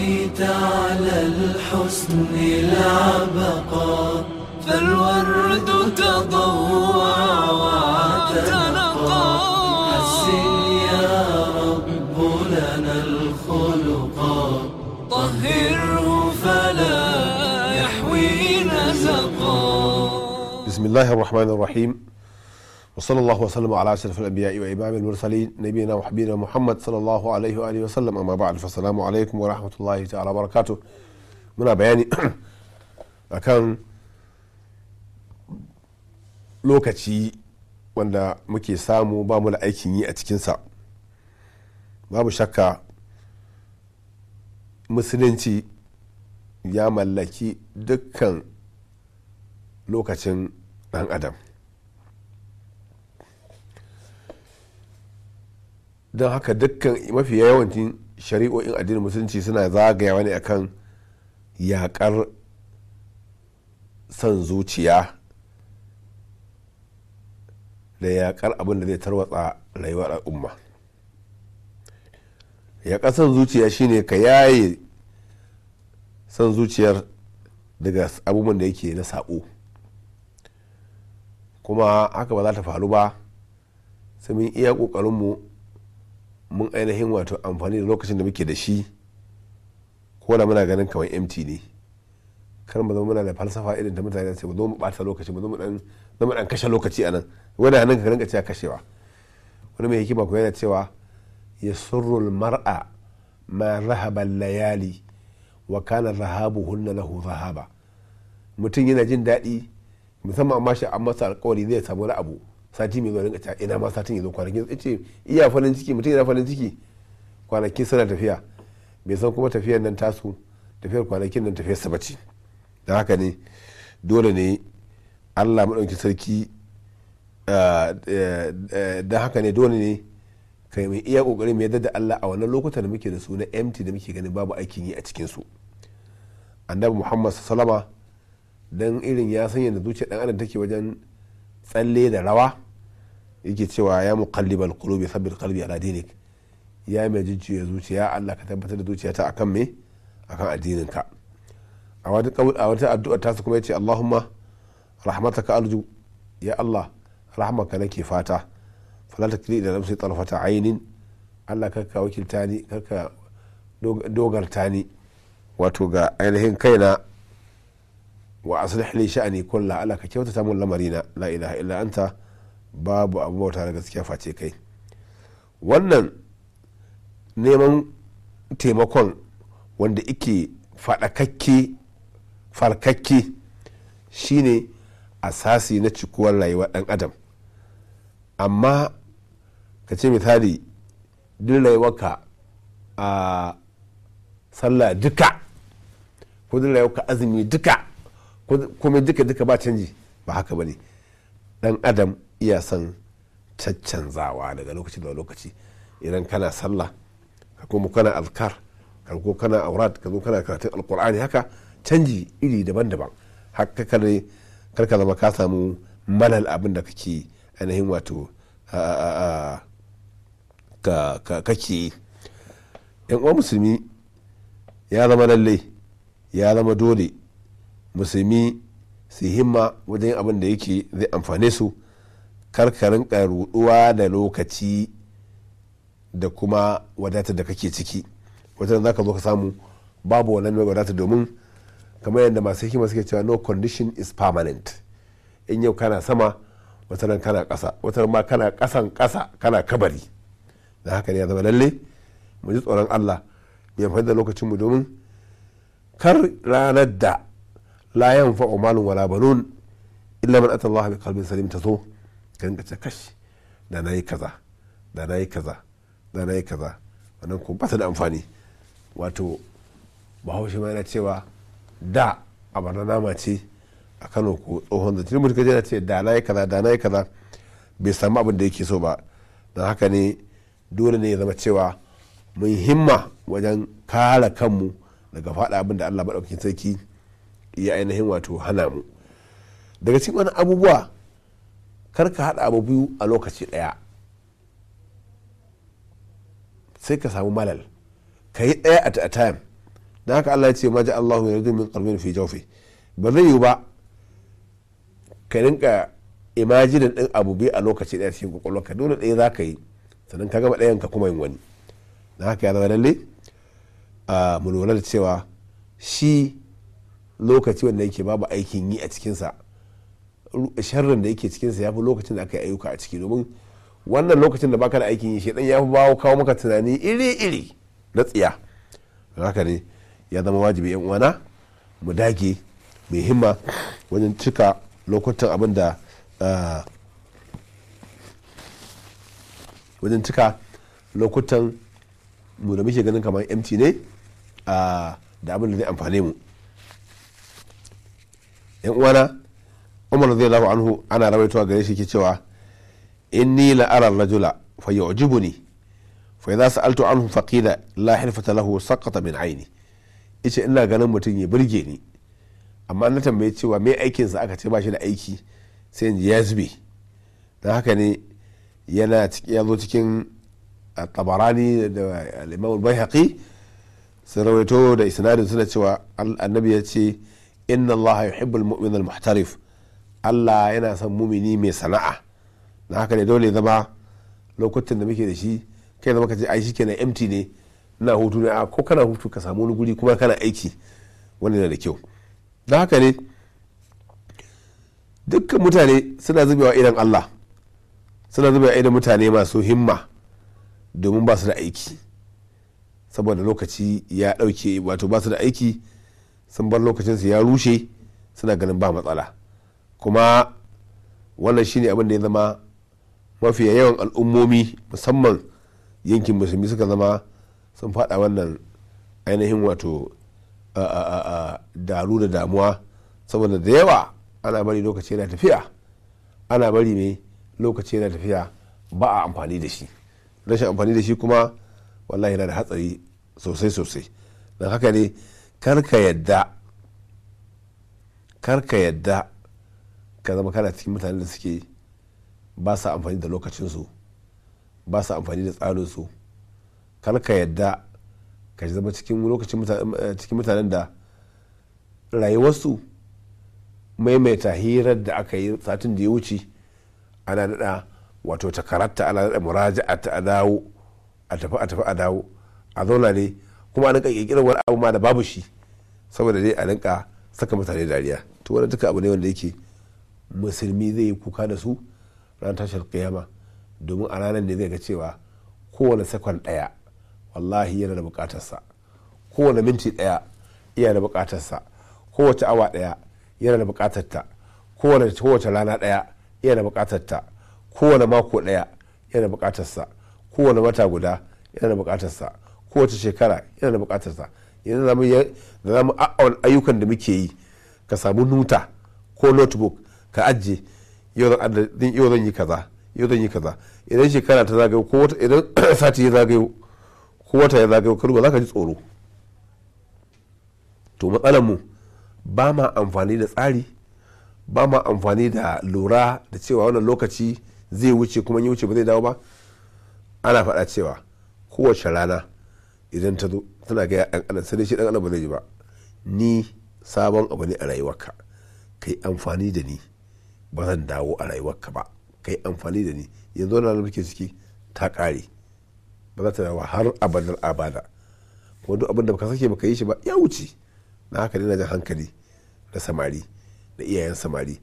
بقيت على الحسن العبقى فالورد تضوى وتنقى حسن يا رب لنا الخلقا طهره فلا يحوي نزقا بسم الله الرحمن الرحيم وصلى الله وسلم على اشرف الانبياء وامام المرسلين نبينا وحبيبنا محمد صلى الله عليه واله وسلم اما بعد فالسلام عليكم ورحمه الله تعالى وبركاته muna bayani akan lokaci wanda muke samu ba mu da aikin yi a cikinsa babu shakka musulunci ya mallaki dukkan lokacin dan adam don haka dukkan mafi yawancin shari'o'in addinin musulunci suna zagayawa ne akan yakar son zuciya da yakar abin da zai tarwatsa rayuwar al'umma yakar son zuciya shine ka yaye son zuciyar daga abubuwan da yake na sako kuma haka ba za ta faru ba sai mun iya mu mun ainihin wato amfani da lokacin da muke da shi ko da muna ganin kamar mtd ne kar mu zama muna da falsafa irin ta mutane sai mu zo mu bata lokaci mu zo mu dan zo mu dan kashe lokaci anan wanda hannun ka rinka cewa kashewa wani mai hikima ko yana cewa yasurrul mar'a ma rahaba layali wa kana hunna lahu rahaba mutum yana jin daɗi musamman amma shi an masa alkawari zai samu wani abu sati mai zuwa rinka ta ina ma satin ya zo kwanakin ya ce iya falin ciki mutum yana falin ciki kwanakin suna tafiya bai san kuma tafiyar nan tasu tafiyar kwanakin nan tafiyar sabaci da haka ne dole ne allah maɗauki sarki ah, eh, eh, da haka ne dole ne kai mai iya kokarin mai da allah a wannan lokutan da muke da su na mt da muke ganin babu aikin yi a cikin su annabi muhammad salama dan irin ya sanya da zuciyar dan adam take wajen tsalle da rawa yake cewa ya mu muqallibal qulubi sabbin kalbi a ya mai ya zuciya Allah ka tabbatar da zuciyata akan me akan addinin ka a wata addu'a ta su kuma yace Allahumma ka arju ya Allah rahmaka nake fata falata kiri da nafsi tsarfata ainin Allah kakka wakilta ni dogarta ni wato ga ainihin kaina wa aslih li sha'ani kullu ala ka kyautata mun lamarina la ilaha illa anta babu abu bauta da gaskiya face kai wannan neman taimakon wanda ike faɗakakke farkakke shine asasi na cikuwar rayuwar ɗan adam amma ka ce misali duk rayuwarka a sallah duka ko duk rayuwarka azumi duka kuma duka duka ba canji ba haka ba ne dan adam iya son caccanzawa daga lokaci da lokaci idan kana sallah ka kuma kana alkar ka ko kana aurat ka zo kana karatun alkur'ani haka canji iri daban-daban haka kare karka zama ka samu malal abin da kake ainihin wato kake yan uwa musulmi ya zama lalle ya zama dole musulmi su himma wajen abin da yake zai amfane su karkarin ruɗuwa da lokaci da kuma wadatar da kake ciki wajen za ka zo ka samu babu wannan mai wadatar domin kamar yadda masu hikima suke cewa no condition is permanent in yau kana sama wataran kana kasa wataran ma kana kasan ƙasa kana kabari da haka ne ya zama lalle mu ji tsoron allah mai amfani da lokacinmu domin kar ranar da la fa'o malun wala banun illa man ata Allah bi qalbin salim ta so. ka dinga ce kashi da nayi kaza da nayi kaza da nayi kaza wannan ba ta da amfani wato bahaushe ma yana cewa da a nama ce a kano ko tsohon zance mutum kaje yana ce da nayi kaza da nayi kaza bai samu abin da yake so ba dan haka ne dole ne ya zama cewa mun himma wajen kare kanmu daga faɗa abin da Allah maɗaukakin sarki ya ainihin wato hana mu daga cikin wani abubuwa kar ka haɗa abu biyu a lokaci daya sai ka samu malal ka yi daya at a time da haka Allah ya ce maji Allahu ya rizu min qalbin fi jawfi ba zai yi ba ka rinka imajin din abu biyu a lokaci ɗaya cikin kwakwalwa ka dole daya za ka yi sannan ka gama ɗayan ka kuma yin wani da haka ya zama lalle ah, mu lura cewa shi lokaci wanda yake babu aikin yi a cikinsa sharrin da yake cikinsa ya fi lokacin da aka yi ayyuka a ciki domin wannan lokacin da baka da aikin yi shaidan ya fi bawo kawo maka tunani iri-iri na tsiya haka ne ya zama wajibi yan uwana mu dage mai himma wajen cika lokutan abin da ah, wajen cika lokutan mu da muke ganin kamar mt ne ah, da abin da zai amfane mu yan uwana umar radiyallahu anhu ana rawaitowa gare shi ke cewa inni la ara rajula fa yu'jibuni fa idza sa'altu anhu faqila la hilfata lahu sakata min aini ice ina ganin mutum ya birge ni amma na tambaye cewa me sa aka ce ba shi da aiki sai in ji ya zube don haka ne yana ya zo cikin tabarani da al'imam bai haƙi sai rawaito da isnadin suna cewa annabi ya ce inna allaha yuhibbul mu'min al muhtarif Allah yana son mumini mai sana'a na haka ne dole zama lokacin da muke da shi kai zama ka ce ai shikenan empty ne na hutu ne a ko kana hutu ka samu wani guri kuma kana aiki wani yana da kyau na haka ne dukkan mutane suna zubewa idan Allah suna zubewa idan mutane masu himma domin ba su da aiki saboda lokaci ya dauke wato ba su da aiki sun bar lokacinsu ya rushe suna ganin ba matsala kuma wannan shine abin da ya zama mafi yawan al'ummomi musamman yankin musulmi suka zama sun fada wannan ainihin wato daru da damuwa saboda da yawa ana bari lokaci yana tafiya ana bari mai lokaci yana tafiya ba a amfani da shi rashin amfani da shi kuma wallahi yana da hatsari sosai sosai don haka ne karka yadda karka yadda ka zama kana cikin mutanen da suke ba sa amfani da lokacinsu ba sa amfani da tsarinsu karka yadda ka zama cikin lokacin eh, cikin mutanen da rayuwarsu maimaita hirar da aka yi satin da ya wuce ana nada wato ta karatta ana nada muraja'a ta dawo a tafi a tafi a dawo a zauna ne kuma a rinka kirkirar wani abu ma da babu shi saboda dai a rinka saka mutane dariya to wannan duka abu ne wanda yake musulmi zai yi kuka da su ran tashar kiyama domin a ranar ne zai ga cewa kowane sakon daya wallahi yana da bukatarsa kowane minti daya yana da bukatarsa kowace awa daya yana da bukatarta kowane kowace rana daya yana da bukatarta kowane mako daya yana da bukatarsa kowane wata guda yana da bukatarsa kowace shekara yana da bukatar sa yanzu da zamu a'awan ayyukan da muke yi ka samu nuta ko notebook ka ajiye yau zan yi kaza yau zan yi kaza idan shekara ta zagayo ko wata idan sati ya zagayo ko wata ya zagayo ka duba zaka ji tsoro to matsalar mu ba ma amfani da tsari ba ma amfani da lura da cewa wannan lokaci zai wuce kuma ya wuce ba zai dawo ba ana faɗa cewa kowace rana idan ta zo tana gaya yan adam sai shi dan adam ba zai ji ba ni sabon abu ne a rayuwarka kai amfani da ni ba zan dawo a rayuwarka ba kai amfani da ni yanzu wannan da muke ciki ta kare ba za ta dawo har abadar abada kuma duk abin da baka sake baka yi shi ba ya wuce na haka ne na jan hankali da samari da iyayen samari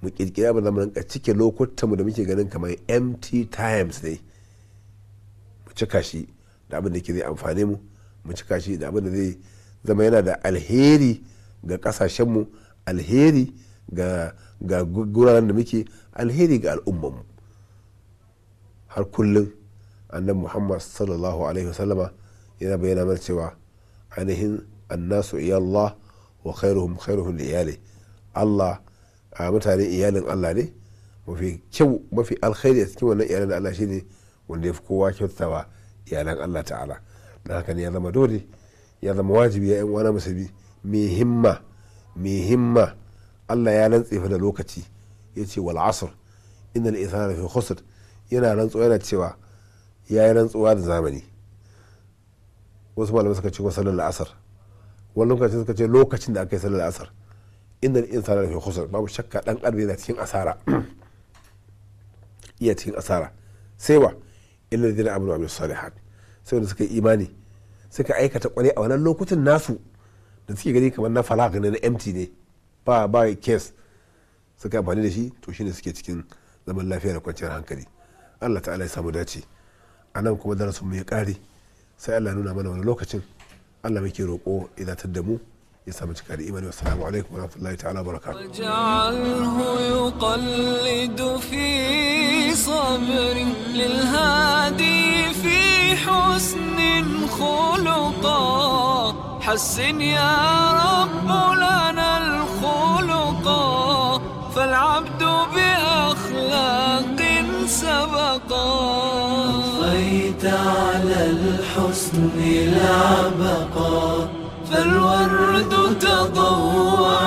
mu kirkira ba zamu rinka cike lokutan mu da muke ganin kamar empty times ne mu cika shi da abin da ke zai amfane mu mu cika shi da abin da zai zama yana da alheri ga kasashenmu alheri ga guraren da muke alheri ga mu. har kullum annabi muhammad sallallahu alaihi wasallama yana bayyana mana cewa ainihin annasu iyallah wa khairuhum khairuhum iyali allah a mutane iyalin allah ne mafi kyau mafi alkhairi a cikin wannan iyalin da allah shine wanda ya fi kowa kyautatawa iyalan allah ta'ala don haka ne ya zama dole ya zama wajibi ya yan wani musulmi mai himma himma allah ya rantse fa da lokaci ya ce wal asr innal insana fi khusr yana rantsuwa yana cewa ya yi rantsuwa da zamani wasu malamai suka ce wa sallar la'asar wani lokacin suka ce lokacin da aka yi sallar la'asar inda insana da fi khusr babu shakka dan adam yana cikin asara iya cikin asara sai wa illa ladina amanu wa amilus salihat sai da suka yi imani suka aikata kwarai a wannan lokutan nasu da suke gani kamar na falak ne na empty ne ba ba case suka amfani da shi to shine suke cikin zaman lafiya da kwanciyar hankali Allah ta'ala ya samu dace a nan kuma darasin mu ya kare sai Allah nuna mana wani lokacin Allah muke roƙo idatar da mu ya samu cika da imani wassalamu alaikum warahmatullahi ta'ala barakatuh waj'alhu yuqallidu fi sabrin بحسن خلقا حسن يا رب لنا الخلقا فالعبد بأخلاق سبقا أطفيت على الحسن العبقا فالورد تطور